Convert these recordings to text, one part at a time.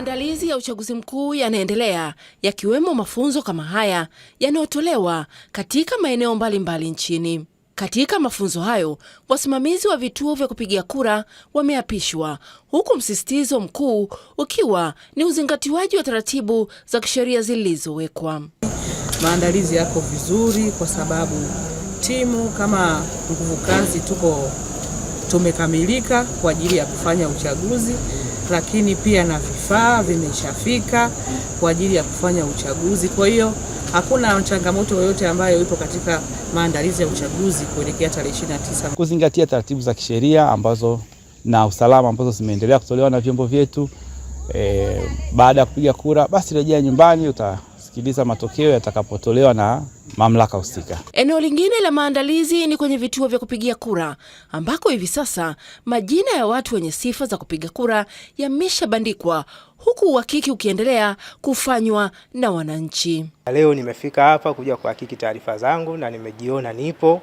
Maandalizi ya uchaguzi mkuu yanaendelea yakiwemo mafunzo kama haya yanayotolewa katika maeneo mbalimbali nchini. Katika mafunzo hayo, wasimamizi wa vituo vya kupigia kura wameapishwa, huku msisitizo mkuu ukiwa ni uzingatiwaji wa taratibu za kisheria zilizowekwa. Maandalizi yako vizuri kwa sababu timu kama nguvu kazi tuko tumekamilika kwa ajili ya kufanya uchaguzi lakini pia na vifaa vimeshafika kwa ajili ya kufanya uchaguzi. Kwa hiyo hakuna changamoto yoyote ambayo ipo katika maandalizi ya uchaguzi kuelekea tarehe 29, kuzingatia taratibu za kisheria ambazo na usalama ambazo zimeendelea kutolewa na vyombo vyetu. E, baada ya kupiga kura basi rejea nyumbani uta kusikiliza matokeo yatakapotolewa na mamlaka husika. Eneo lingine la maandalizi ni kwenye vituo vya kupigia kura ambako hivi sasa majina ya watu wenye sifa za kupiga kura yameshabandikwa huku uhakiki ukiendelea kufanywa na wananchi. Leo nimefika hapa kuja kuhakiki taarifa zangu na nimejiona nipo.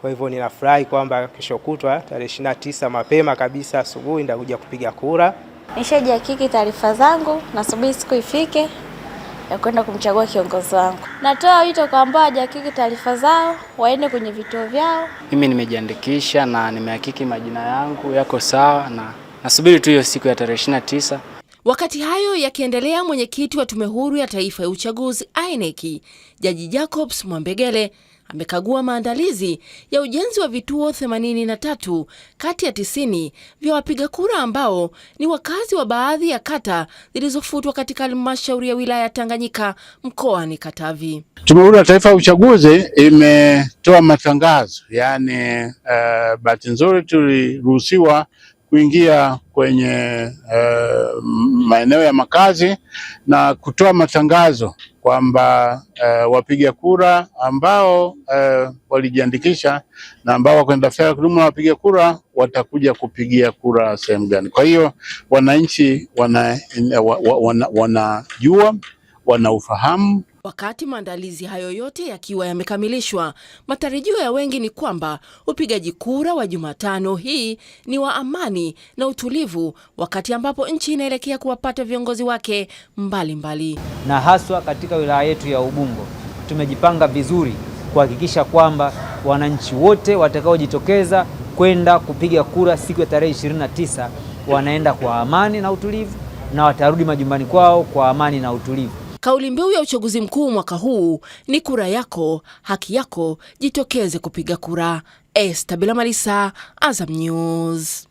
Kwa hivyo ninafurahi kwamba kesho kutwa tarehe 29 mapema kabisa asubuhi nitakuja kupiga kura. Nishajihakiki taarifa zangu, nasubiri siku ifike ya kwenda kumchagua kiongozi wangu. Natoa wito kwa ambao hajahakiki taarifa zao waende kwenye vituo vyao. Mimi nimejiandikisha na nimehakiki majina yangu yako sawa, na nasubiri tu hiyo siku ya tarehe ishirini na tisa. Wakati hayo yakiendelea, mwenyekiti wa Tume Huru ya Taifa ya Uchaguzi INEC Jaji Jacobs Mwambegele amekagua maandalizi ya ujenzi wa vituo 83 kati ya 90 vya wapiga kura ambao ni wakazi wa baadhi ya kata zilizofutwa katika halmashauri ya wilaya ya Tanganyika mkoani Katavi. Tume Huru ya Taifa ya Uchaguzi imetoa matangazo, yaani uh, bahati nzuri tuliruhusiwa kuingia kwenye eh, maeneo ya makazi na kutoa matangazo kwamba eh, wapiga kura ambao eh, walijiandikisha na ambao wako kwenye daftari la kudumu na wapiga kura watakuja kupigia kura sehemu gani. Kwa hiyo wananchi wanajua wana, wana, wana wanaufahamu. Wakati maandalizi hayo yote yakiwa yamekamilishwa, matarajio ya wengi ni kwamba upigaji kura wa Jumatano hii ni wa amani na utulivu, wakati ambapo nchi inaelekea kuwapata viongozi wake mbalimbali mbali. Na haswa katika wilaya yetu ya Ubungo tumejipanga vizuri kuhakikisha kwamba wananchi wote watakaojitokeza kwenda kupiga kura siku ya tarehe 29 wanaenda kwa amani na utulivu na watarudi majumbani kwao kwa amani na utulivu. Kauli mbiu ya uchaguzi mkuu mwaka huu ni kura yako haki yako, jitokeze kupiga kura. Esta Bila Malisa, Azam News.